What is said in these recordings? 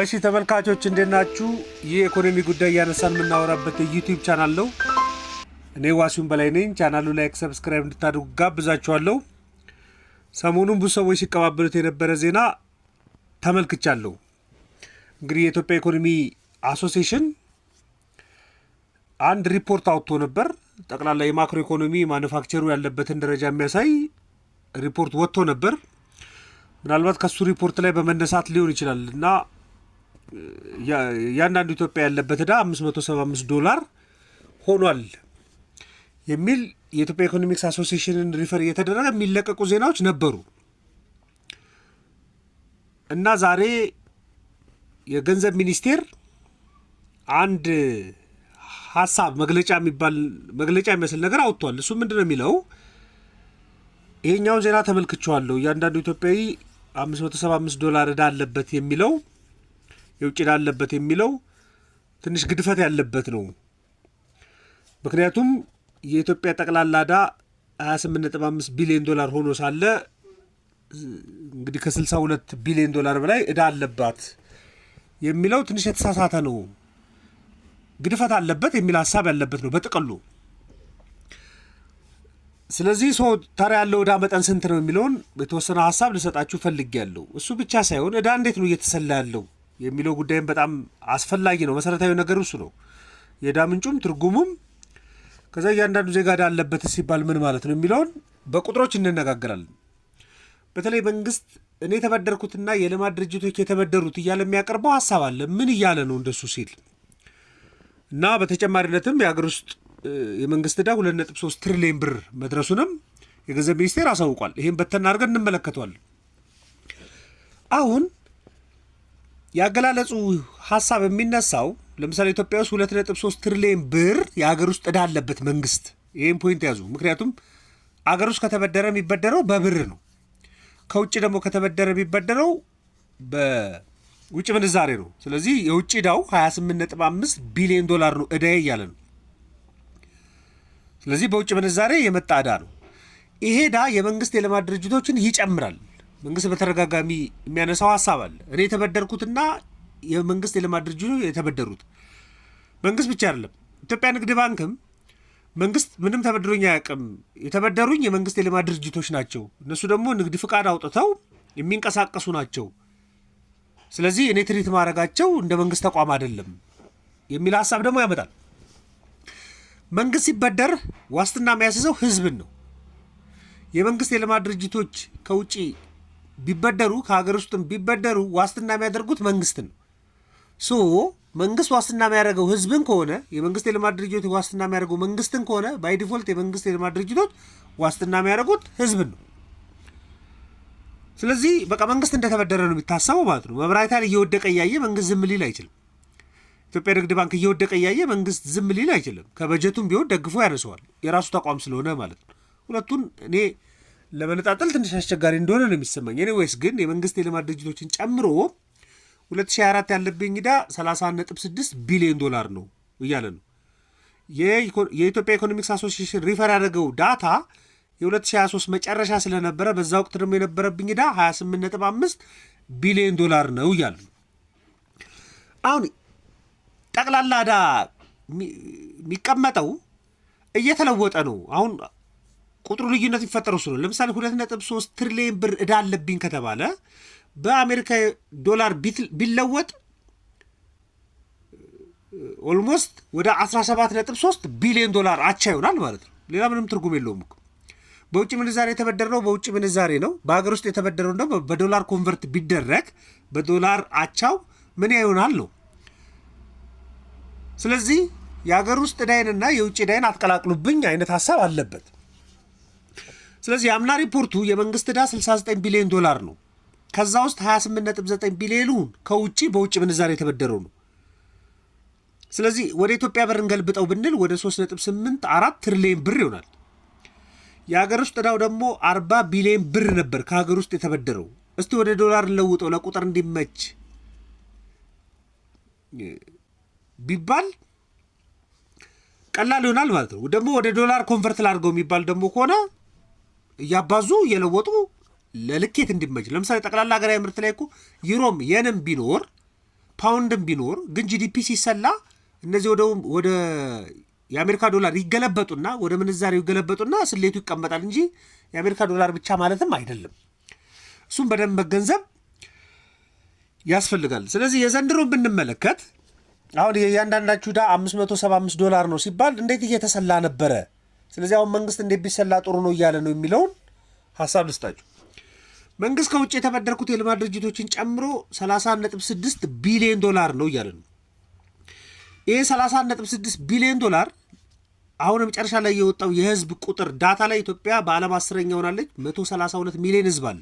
እሺ ተመልካቾች እንዴት ናችሁ? ይህ ኢኮኖሚ ጉዳይ እያነሳን የምናወራበት የዩቲዩብ ቻናል ነው። እኔ ዋሲሁን በላይ ነኝ። ቻናሉ ላይክ፣ ሰብስክራይብ እንድታደርጉ ጋብዛችኋለሁ። ሰሞኑን ብዙ ሰዎች ሲቀባበሉት የነበረ ዜና ተመልክቻለሁ። እንግዲህ የኢትዮጵያ ኢኮኖሚ አሶሲሽን አንድ ሪፖርት አውጥቶ ነበር። ጠቅላላ የማክሮ ኢኮኖሚ ማኑፋክቸሩ ያለበትን ደረጃ የሚያሳይ ሪፖርት ወጥቶ ነበር። ምናልባት ከሱ ሪፖርት ላይ በመነሳት ሊሆን ይችላል እና እያንዳንዱ ኢትዮጵያ ያለበት ዕዳ 575 ዶላር ሆኗል የሚል የኢትዮጵያ ኢኮኖሚክስ አሶሲሽንን ሪፈር እየተደረገ የሚለቀቁ ዜናዎች ነበሩ እና ዛሬ የገንዘብ ሚኒስቴር አንድ ሀሳብ መግለጫ የሚባል መግለጫ የሚመስል ነገር አውጥቷል። እሱ ምንድን ነው የሚለው? ይሄኛውን ዜና ተመልክቸዋለሁ። እያንዳንዱ ኢትዮጵያዊ 575 ዶላር እዳ አለበት የሚለው የውጭ እዳ አለበት የሚለው ትንሽ ግድፈት ያለበት ነው። ምክንያቱም የኢትዮጵያ ጠቅላላ እዳ 28.5 ቢሊዮን ዶላር ሆኖ ሳለ እንግዲህ ከ62 ቢሊዮን ዶላር በላይ እዳ አለባት የሚለው ትንሽ የተሳሳተ ነው። ግድፈት አለበት የሚል ሀሳብ ያለበት ነው በጥቅሉ ስለዚህ ሰው ታዲያ ያለው ዕዳ መጠን ስንት ነው የሚለውን የተወሰነ ሀሳብ ልሰጣችሁ ፈልጌያለሁ። እሱ ብቻ ሳይሆን ዕዳ እንዴት ነው እየተሰላ ያለው የሚለው ጉዳይም በጣም አስፈላጊ ነው። መሰረታዊ ነገር እሱ ነው። የዕዳ ምንጩም ትርጉሙም፣ ከዛ እያንዳንዱ ዜጋ ዳ አለበት ሲባል ምን ማለት ነው የሚለውን በቁጥሮች እንነጋገራለን። በተለይ መንግስት እኔ የተበደርኩትና የልማት ድርጅቶች የተበደሩት እያለ የሚያቀርበው ሀሳብ አለ። ምን እያለ ነው እንደሱ ሲል እና በተጨማሪነትም የሀገር ውስጥ የመንግስት ዕዳ 2.3 ትሪሊዮን ብር መድረሱንም የገንዘብ ሚኒስቴር አሳውቋል። ይህም በተና አድርገን እንመለከተዋለን። አሁን የአገላለጹ ሀሳብ የሚነሳው ለምሳሌ ኢትዮጵያ ውስጥ 2.3 ትሪሊዮን ብር የሀገር ውስጥ ዕዳ አለበት መንግስት። ይህም ፖይንት ያዙ። ምክንያቱም አገር ውስጥ ከተበደረ የሚበደረው በብር ነው። ከውጭ ደግሞ ከተበደረ የሚበደረው በውጭ ምንዛሬ ነው። ስለዚህ የውጭ ዕዳው 28.5 ቢሊዮን ዶላር ነው ዕዳዬ እያለ ነው። ስለዚህ በውጭ ምንዛሬ የመጣ እዳ ነው። ይሄ ዳ የመንግስት የልማት ድርጅቶችን ይጨምራል። መንግስት በተደጋጋሚ የሚያነሳው ሀሳብ አለ። እኔ የተበደርኩትና የመንግስት የልማት ድርጅቶች የተበደሩት መንግስት ብቻ አይደለም። ኢትዮጵያ ንግድ ባንክም መንግስት ምንም ተበድሮኝ አያውቅም፣ የተበደሩኝ የመንግስት የልማት ድርጅቶች ናቸው። እነሱ ደግሞ ንግድ ፍቃድ አውጥተው የሚንቀሳቀሱ ናቸው። ስለዚህ እኔ ትሪት ማድረጋቸው እንደ መንግስት ተቋም አይደለም የሚል ሀሳብ ደግሞ ያመጣል። መንግስት ሲበደር ዋስትና የሚያስይዘው ህዝብን ነው። የመንግስት የልማት ድርጅቶች ከውጭ ቢበደሩ ከሀገር ውስጥም ቢበደሩ ዋስትና የሚያደርጉት መንግስት ነው። ሶ መንግስት ዋስትና የሚያደርገው ህዝብን ከሆነ የመንግስት የልማት ድርጅቶች ዋስትና የሚያደርገው መንግስትን ከሆነ ባይ ዲፎልት የመንግስት የልማት ድርጅቶች ዋስትና የሚያደርጉት ህዝብን ነው። ስለዚህ በቃ መንግስት እንደተበደረ ነው የሚታሰበው ማለት ነው። መብራት ኃይል እየወደቀ እያየ መንግስት ዝም ሊል አይችልም። ኢትዮጵያ ንግድ ባንክ እየወደቀ እያየ መንግስት ዝም ሊል አይችልም። ከበጀቱም ቢሆን ደግፎ ያነሰዋል፣ የራሱ ተቋም ስለሆነ ማለት ነው። ሁለቱን እኔ ለመነጣጠል ትንሽ አስቸጋሪ እንደሆነ ነው የሚሰማኝ። እኔ ወይስ ግን የመንግስት የልማት ድርጅቶችን ጨምሮ 2024 ያለብኝ ዕዳ 31.6 ቢሊዮን ዶላር ነው እያለ ነው። የኢትዮጵያ ኢኮኖሚክስ አሶሲሽን ሪፈር ያደረገው ዳታ የ2023 መጨረሻ ስለነበረ በዛ ወቅት ደግሞ የነበረብኝ ዕዳ 28.5 ቢሊዮን ዶላር ነው እያሉ አሁን ጠቅላላ ዕዳ የሚቀመጠው እየተለወጠ ነው። አሁን ቁጥሩ ልዩነት የሚፈጠረው እሱ ነው። ለምሳሌ ሁለት ነጥብ ሶስት ትሪሊየን ብር ዕዳ አለብኝ ከተባለ በአሜሪካ ዶላር ቢለወጥ ኦልሞስት ወደ 17.3 ቢሊዮን ዶላር አቻ ይሆናል ማለት ነው። ሌላ ምንም ትርጉም የለውም። በውጭ ምንዛሬ የተበደረው በውጭ ምንዛሬ ነው። በሀገር ውስጥ የተበደረው ደግሞ በዶላር ኮንቨርት ቢደረግ በዶላር አቻው ምን ይሆናል ነው። ስለዚህ የሀገር ውስጥ ዳይንና የውጭ ዳይን አትቀላቅሉብኝ አይነት ሀሳብ አለበት። ስለዚህ የአምና ሪፖርቱ የመንግስት ዕዳ 69 ቢሊዮን ዶላር ነው። ከዛ ውስጥ 28.9 ቢሊዮኑን ከውጭ በውጭ ምንዛሬ የተበደረው ነው። ስለዚህ ወደ ኢትዮጵያ ብር እንገልብጠው ብንል ወደ 3.84 ትሪሊዮን ብር ይሆናል። የሀገር ውስጥ ዕዳው ደግሞ 40 ቢሊዮን ብር ነበር ከሀገር ውስጥ የተበደረው። እስቲ ወደ ዶላር ለውጠው ለቁጥር እንዲመች ቢባል ቀላል ይሆናል ማለት ነው። ደግሞ ወደ ዶላር ኮንቨርት ላድርገው የሚባል ደግሞ ከሆነ እያባዙ እየለወጡ ለልኬት እንዲመች ለምሳሌ ጠቅላላ ሀገራዊ ምርት ላይ እኮ ዩሮም የንም ቢኖር ፓውንድም ቢኖር ግን ጂዲፒ ሲሰላ እነዚህ ወደ የአሜሪካ ዶላር ይገለበጡና ወደ ምንዛሬው ይገለበጡና ስሌቱ ይቀመጣል እንጂ የአሜሪካ ዶላር ብቻ ማለትም አይደለም። እሱም በደንብ መገንዘብ ያስፈልጋል። ስለዚህ የዘንድሮ ብንመለከት አሁን የእያንዳንዳችሁ ዕዳ 575 ዶላር ነው ሲባል እንዴት እየተሰላ ነበረ? ስለዚህ አሁን መንግስት እንዴት ቢሰላ ጥሩ ነው እያለ ነው የሚለውን ሀሳብ ልስጣችሁ። መንግስት ከውጭ የተበደርኩት የልማት ድርጅቶችን ጨምሮ 30.6 ቢሊዮን ዶላር ነው እያለ ነው። ይህ 30.6 ቢሊዮን ዶላር አሁን መጨረሻ ላይ የወጣው የህዝብ ቁጥር ዳታ ላይ ኢትዮጵያ በዓለም አስረኛ ሆናለች። 132 ሚሊዮን ህዝብ አለ።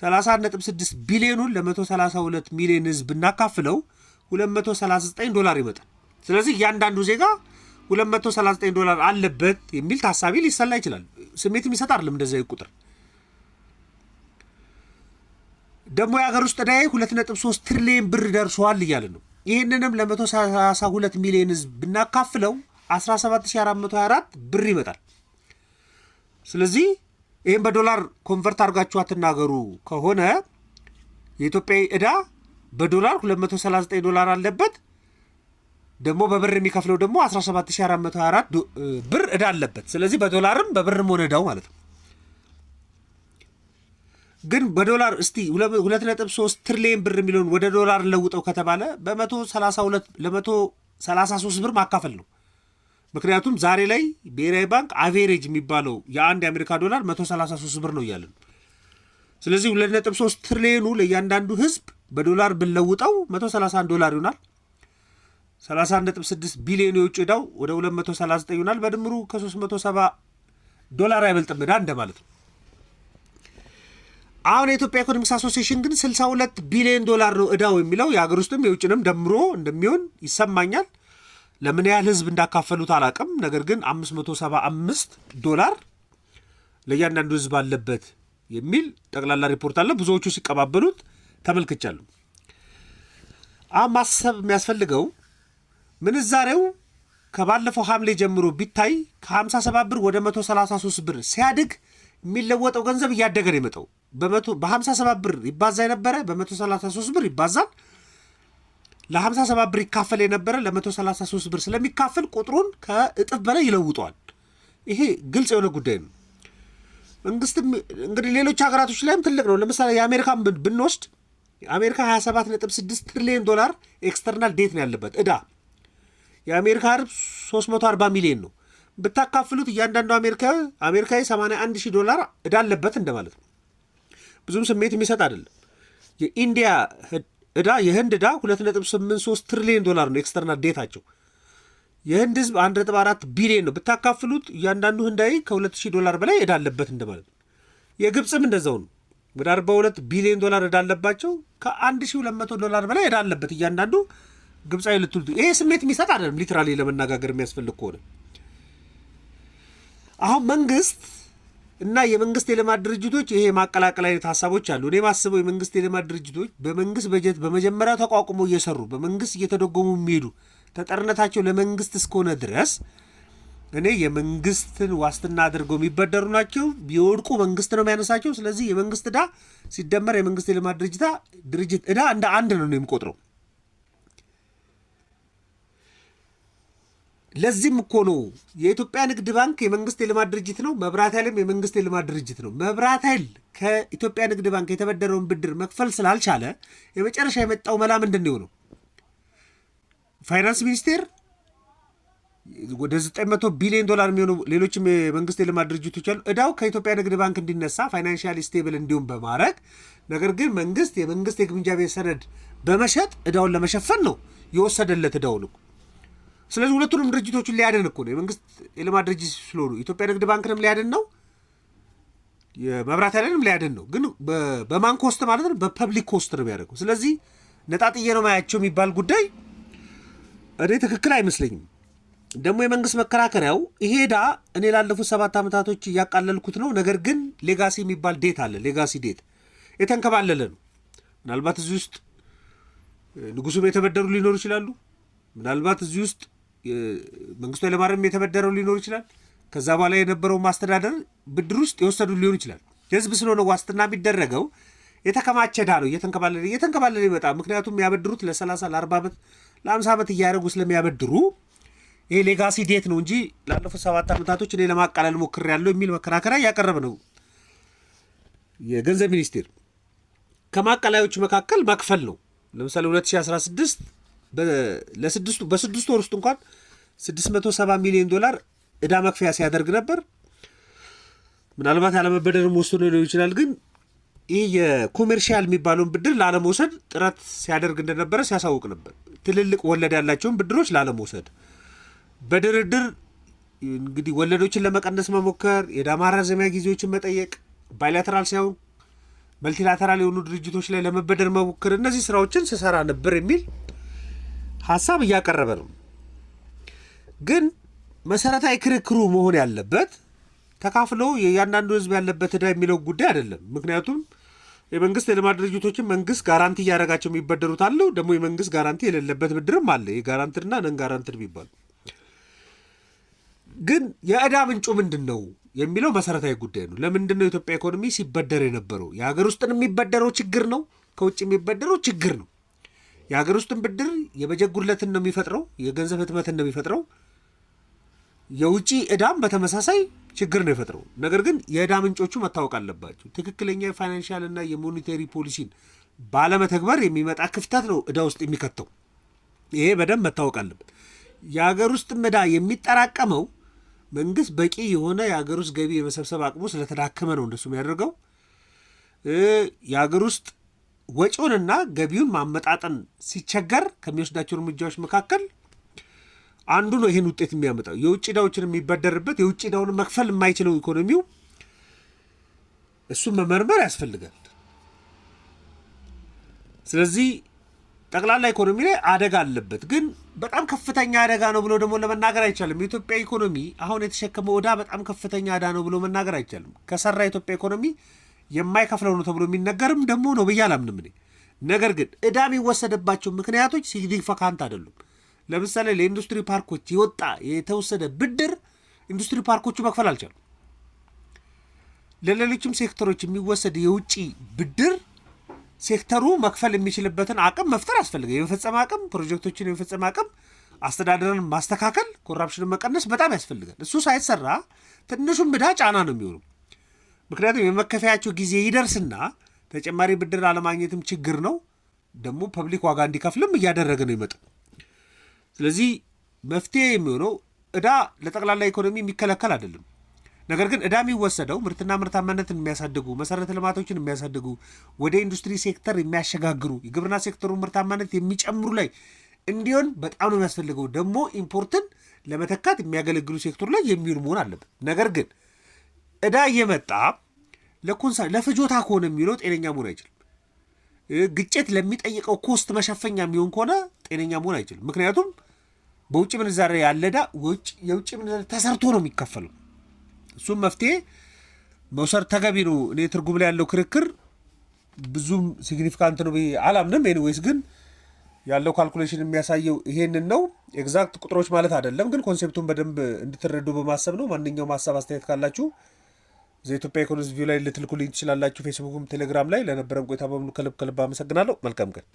30.6 ቢሊዮኑን ለ132 ሚሊዮን ህዝብ እናካፍለው 239 ዶላር ይመጣል። ስለዚህ እያንዳንዱ ዜጋ 239 ዶላር አለበት የሚል ታሳቢ ሊሰላ ይችላል። ስሜት የሚሰጥ አይደለም እንደዚህ ቁጥር። ደግሞ የሀገር ውስጥ ዕዳዬ 2.3 ትሪሊየን ብር ደርሷል እያለ ነው። ይህንንም ለ132 ሚሊዮን ህዝብ ብናካፍለው 17424 ብር ይመጣል። ስለዚህ ይህም በዶላር ኮንቨርት አድርጋችሁ አትናገሩ ከሆነ የኢትዮጵያ ዕዳ በዶላር 239 ዶላር አለበት። ደግሞ በብር የሚከፍለው ደግሞ 17424 ብር እዳ አለበት። ስለዚህ በዶላርም በብርም ሆነ እዳው ማለት ነው። ግን በዶላር እስቲ 2.3 ትሪሊየን ብር የሚለውን ወደ ዶላር ለውጠው ከተባለ በ132 ለ133 ብር ማካፈል ነው። ምክንያቱም ዛሬ ላይ ብሔራዊ ባንክ አቬሬጅ የሚባለው የአንድ የአሜሪካ ዶላር 133 ብር ነው ነው። ስለዚህ 2.3 ትሪሊየኑ ለእያንዳንዱ ህዝብ በዶላር ብንለውጠው 131 ዶላር ይሆናል። 31.6 ቢሊዮን የውጭ ዕዳው ወደ 239 ይሆናል። በድምሩ ከ370 ዶላር አይበልጥም ዕዳ እንደማለት ነው። አሁን የኢትዮጵያ ኢኮኖሚክስ አሶሲሽን ግን 62 ቢሊዮን ዶላር ነው ዕዳው የሚለው የሀገር ውስጥም የውጭንም ደምሮ እንደሚሆን ይሰማኛል። ለምን ያህል ህዝብ እንዳካፈሉት አላቅም። ነገር ግን 575 ዶላር ለእያንዳንዱ ህዝብ አለበት የሚል ጠቅላላ ሪፖርት አለ። ብዙዎቹ ሲቀባበሉት ተመልክቻለሁ። አሁን ማሰብ የሚያስፈልገው ምንዛሬው ከባለፈው ሐምሌ ጀምሮ ቢታይ ከ57 ብር ወደ 133 ብር ሲያድግ የሚለወጠው ገንዘብ እያደገ ነው የመጣው። በ57 ብር ይባዛ የነበረ በ133 ብር ይባዛል። ለ57 ብር ይካፈል የነበረ ለ133 ብር ስለሚካፈል ቁጥሩን ከእጥፍ በላይ ይለውጠዋል። ይሄ ግልጽ የሆነ ጉዳይ ነው። መንግስትም እንግዲህ ሌሎች ሀገራቶች ላይም ትልቅ ነው። ለምሳሌ የአሜሪካን ብንወስድ አሜሪካ 27.6 ትሪሊዮን ዶላር ኤክስተርናል ዴት ነው ያለበት እዳ። የአሜሪካ ርብ 340 ሚሊዮን ነው። ብታካፍሉት እያንዳንዱ አሜሪካዊ አሜሪካዊ 81 ሺህ ዶላር እዳ አለበት እንደማለት ነው። ብዙም ስሜት የሚሰጥ አይደለም። የኢንዲያ እዳ የህንድ እዳ 2.83 ትሪሊዮን ዶላር ነው ኤክስተርናል ዴታቸው። የህንድ ህዝብ 1.4 ቢሊዮን ነው። ብታካፍሉት እያንዳንዱ ህንዳዊ ከ2 ዶላር በላይ እዳ አለበት እንደማለት ነው። የግብፅም እንደዛው ነው። ወደ 42 ቢሊዮን ዶላር እዳለባቸው ከ1200 ዶላር በላይ እዳለበት እያንዳንዱ ግብፃዊ ልትሉ ይሄ ስሜት የሚሰጥ አይደለም። ሊትራሊ ለመናጋገር የሚያስፈልግ ከሆነ አሁን መንግስት እና የመንግስት የልማት ድርጅቶች ይሄ የማቀላቀል አይነት ሀሳቦች አሉ። እኔ ማስበው የመንግስት የልማት ድርጅቶች በመንግስት በጀት በመጀመሪያ ተቋቁሞ እየሰሩ በመንግስት እየተደጎሙ የሚሄዱ ተጠርነታቸው ለመንግስት እስከሆነ ድረስ እኔ የመንግስትን ዋስትና አድርገው የሚበደሩ ናቸው። ቢወድቁ መንግስት ነው የሚያነሳቸው። ስለዚህ የመንግስት እዳ ሲደመር የመንግስት የልማት ድርጅታ ድርጅት እዳ እንደ አንድ ነው የሚቆጥረው። ለዚህም እኮ ነው የኢትዮጵያ ንግድ ባንክ የመንግስት የልማት ድርጅት ነው። መብራት ኃይልም የመንግስት የልማት ድርጅት ነው። መብራት ኃይል ከኢትዮጵያ ንግድ ባንክ የተበደረውን ብድር መክፈል ስላልቻለ የመጨረሻ የመጣው መላ ምንድን ነው? ፋይናንስ ሚኒስቴር ወደ 900 ቢሊዮን ዶላር የሚሆኑ ሌሎችም የመንግስት የልማት ድርጅቶች አሉ። እዳው ከኢትዮጵያ ንግድ ባንክ እንዲነሳ ፋይናንሻል ስቴብል እንዲሁም በማድረግ ነገር ግን መንግስት የመንግስት የግምጃ ቤት ሰነድ በመሸጥ እዳውን ለመሸፈን ነው የወሰደለት እዳውን። ስለዚህ ሁለቱንም ድርጅቶቹን ሊያድን እኮ ነው። የመንግስት የልማት ድርጅት ስለሆኑ ኢትዮጵያ ንግድ ባንክንም ሊያድን ነው፣ የመብራት ያለንም ሊያድን ነው። ግን በማን ኮስት ማለት ነው? በፐብሊክ ኮስት ነው የሚያደርገው። ስለዚህ ነጣጥዬ ነው ማያቸው የሚባል ጉዳይ እኔ ትክክል አይመስለኝም። ደግሞ የመንግስት መከራከሪያው ይሄዳ እኔ ላለፉት ሰባት ዓመታቶች እያቃለልኩት ነው፣ ነገር ግን ሌጋሲ የሚባል ዴት አለ። ሌጋሲ ዴት የተንከባለለ ነው። ምናልባት እዚህ ውስጥ ንጉሱም የተበደሩ ሊኖሩ ይችላሉ። ምናልባት እዚህ ውስጥ መንግስቱ ኃይለማርያም የተበደረው ሊኖር ይችላል። ከዛ በኋላ የነበረው ማስተዳደር ብድር ውስጥ የወሰዱ ሊሆን ይችላል። የህዝብ ስለሆነ ዋስትና የሚደረገው የተከማቸ ዳ ነው። እየተንከባለለ እየተንከባለለ ይመጣ። ምክንያቱም የሚያበድሩት ለ30 ለ40 ዓመት ለ50 ዓመት እያደረጉ ስለሚያበድሩ ይሄ ሌጋሲ ዴት ነው እንጂ ላለፉት ሰባት ዓመታቶች እኔ ለማቃለል ያለው የሚል መከራከሪያ እያቀረበ ነው የገንዘብ ሚኒስቴር። ከማቃላዮች መካከል መክፈል ነው። ለምሳሌ 2016 ለስድስቱ በስድስት ወር ውስጥ እንኳን 670 ሚሊዮን ዶላር እዳ መክፈያ ሲያደርግ ነበር። ምናልባት ያለመበደርም ወስኖ ሊሆን ይችላል። ግን ይህ የኮሜርሻል የሚባለውን ብድር ላለመውሰድ ጥረት ሲያደርግ እንደነበረ ሲያሳውቅ ነበር። ትልልቅ ወለድ ያላቸውን ብድሮች ላለመውሰድ በድርድር እንግዲህ ወለዶችን ለመቀነስ መሞከር፣ የዕዳ ማራዘሚያ ጊዜዎችን መጠየቅ፣ ባይላተራል ሳይሆን መልቲላተራል የሆኑ ድርጅቶች ላይ ለመበደር መሞከር፣ እነዚህ ስራዎችን ስሰራ ነበር የሚል ሀሳብ እያቀረበ ነው። ግን መሰረታዊ ክርክሩ መሆን ያለበት ተካፍሎ የእያንዳንዱ ህዝብ ያለበት ዕዳ የሚለው ጉዳይ አይደለም። ምክንያቱም የመንግስት የልማት ድርጅቶችን መንግስት ጋራንቲ እያደረጋቸው የሚበደሩት አለው ደግሞ የመንግስት ጋራንቲ የሌለበት ብድርም አለ። የጋራንትድና ነን ጋራንትድ የሚባሉ ግን የእዳ ምንጩ ምንድን ነው የሚለው መሰረታዊ ጉዳይ ነው። ለምንድን ነው የኢትዮጵያ ኢኮኖሚ ሲበደር የነበረው? የሀገር ውስጥን የሚበደረው ችግር ነው፣ ከውጭ የሚበደረው ችግር ነው። የሀገር ውስጥን ብድር የበጀት ጉድለትን ነው የሚፈጥረው፣ የገንዘብ ህትመትን ነው የሚፈጥረው። የውጭ እዳም በተመሳሳይ ችግር ነው የፈጥረው። ነገር ግን የእዳ ምንጮቹ መታወቅ አለባቸው። ትክክለኛ የፋይናንሻል እና የሞኔታሪ ፖሊሲን ባለመተግበር የሚመጣ ክፍተት ነው እዳ ውስጥ የሚከተው። ይሄ በደንብ መታወቅ አለበት። የሀገር ውስጥ እዳ የሚጠራቀመው መንግስት በቂ የሆነ የሀገር ውስጥ ገቢ የመሰብሰብ አቅሙ ስለተዳከመ ነው እንደሱ የሚያደርገው። የሀገር ውስጥ ወጪውንና ገቢውን ማመጣጠን ሲቸገር ከሚወስዳቸው እርምጃዎች መካከል አንዱ ነው ይህን ውጤት የሚያመጣው። የውጭ ዕዳዎችን የሚበደርበት የውጭ ዕዳውን መክፈል የማይችለው ኢኮኖሚው እሱን መመርመር ያስፈልጋል። ስለዚህ ጠቅላላ ኢኮኖሚ ላይ አደጋ አለበት፣ ግን በጣም ከፍተኛ አደጋ ነው ብሎ ደግሞ ለመናገር አይቻልም። የኢትዮጵያ ኢኮኖሚ አሁን የተሸከመው ዕዳ በጣም ከፍተኛ ዕዳ ነው ብሎ መናገር አይቻልም። ከሰራ የኢትዮጵያ ኢኮኖሚ የማይከፍለው ነው ተብሎ የሚነገርም ደግሞ ነው ብዬ አላምንም እኔ። ነገር ግን ዕዳ የሚወሰደባቸው ምክንያቶች ሲግኒፊካንት አይደሉም። ለምሳሌ ለኢንዱስትሪ ፓርኮች የወጣ የተወሰደ ብድር ኢንዱስትሪ ፓርኮቹ መክፈል አልቻሉም። ለሌሎችም ሴክተሮች የሚወሰድ የውጭ ብድር ሴክተሩ መክፈል የሚችልበትን አቅም መፍጠር ያስፈልጋል። የመፈጸም አቅም፣ ፕሮጀክቶችን የመፈጸም አቅም፣ አስተዳደርን ማስተካከል፣ ኮራፕሽንን መቀነስ በጣም ያስፈልጋል። እሱ ሳይሰራ ትንሹን ብዳ ጫና ነው የሚሆኑ። ምክንያቱም የመከፈያቸው ጊዜ ይደርስና ተጨማሪ ብድር አለማግኘትም ችግር ነው። ደግሞ ፐብሊክ ዋጋ እንዲከፍልም እያደረገ ነው ይመጣ። ስለዚህ መፍትሄ የሚሆነው ዕዳ ለጠቅላላ ኢኮኖሚ የሚከለከል አይደለም። ነገር ግን እዳ የሚወሰደው ምርትና ምርታማነትን የሚያሳድጉ መሰረተ ልማቶችን የሚያሳድጉ ወደ ኢንዱስትሪ ሴክተር የሚያሸጋግሩ የግብርና ሴክተሩ ምርታማነት የሚጨምሩ ላይ እንዲሆን በጣም ነው የሚያስፈልገው። ደግሞ ኢምፖርትን ለመተካት የሚያገለግሉ ሴክተሩ ላይ የሚውል መሆን አለበት። ነገር ግን እዳ እየመጣ ለፍጆታ ከሆነ የሚውለው ጤነኛ መሆን አይችልም። ግጭት ለሚጠይቀው ኮስት መሸፈኛ የሚሆን ከሆነ ጤነኛ መሆን አይችልም። ምክንያቱም በውጭ ምንዛሬ ያለ እዳ የውጭ ምንዛሬ ተሰርቶ ነው የሚከፈለው። እሱም መፍትሄ መውሰድ ተገቢ ነው። እኔ ትርጉም ላይ ያለው ክርክር ብዙም ሲግኒፊካንት ነው አላምንም። ኤኒዌይስ ግን ያለው ካልኩሌሽን የሚያሳየው ይሄንን ነው። ኤግዛክት ቁጥሮች ማለት አይደለም፣ ግን ኮንሴፕቱን በደንብ እንድትረዱ በማሰብ ነው። ማንኛውም ሀሳብ አስተያየት ካላችሁ ኢትዮጵያ ኢኮኖሚስት ቪው ላይ ልትልኩልኝ ትችላላችሁ። ፌስቡክም ቴሌግራም ላይ ለነበረን ቆይታ በሙሉ ከልብ ከልብ አመሰግናለሁ። መልካም ቀን።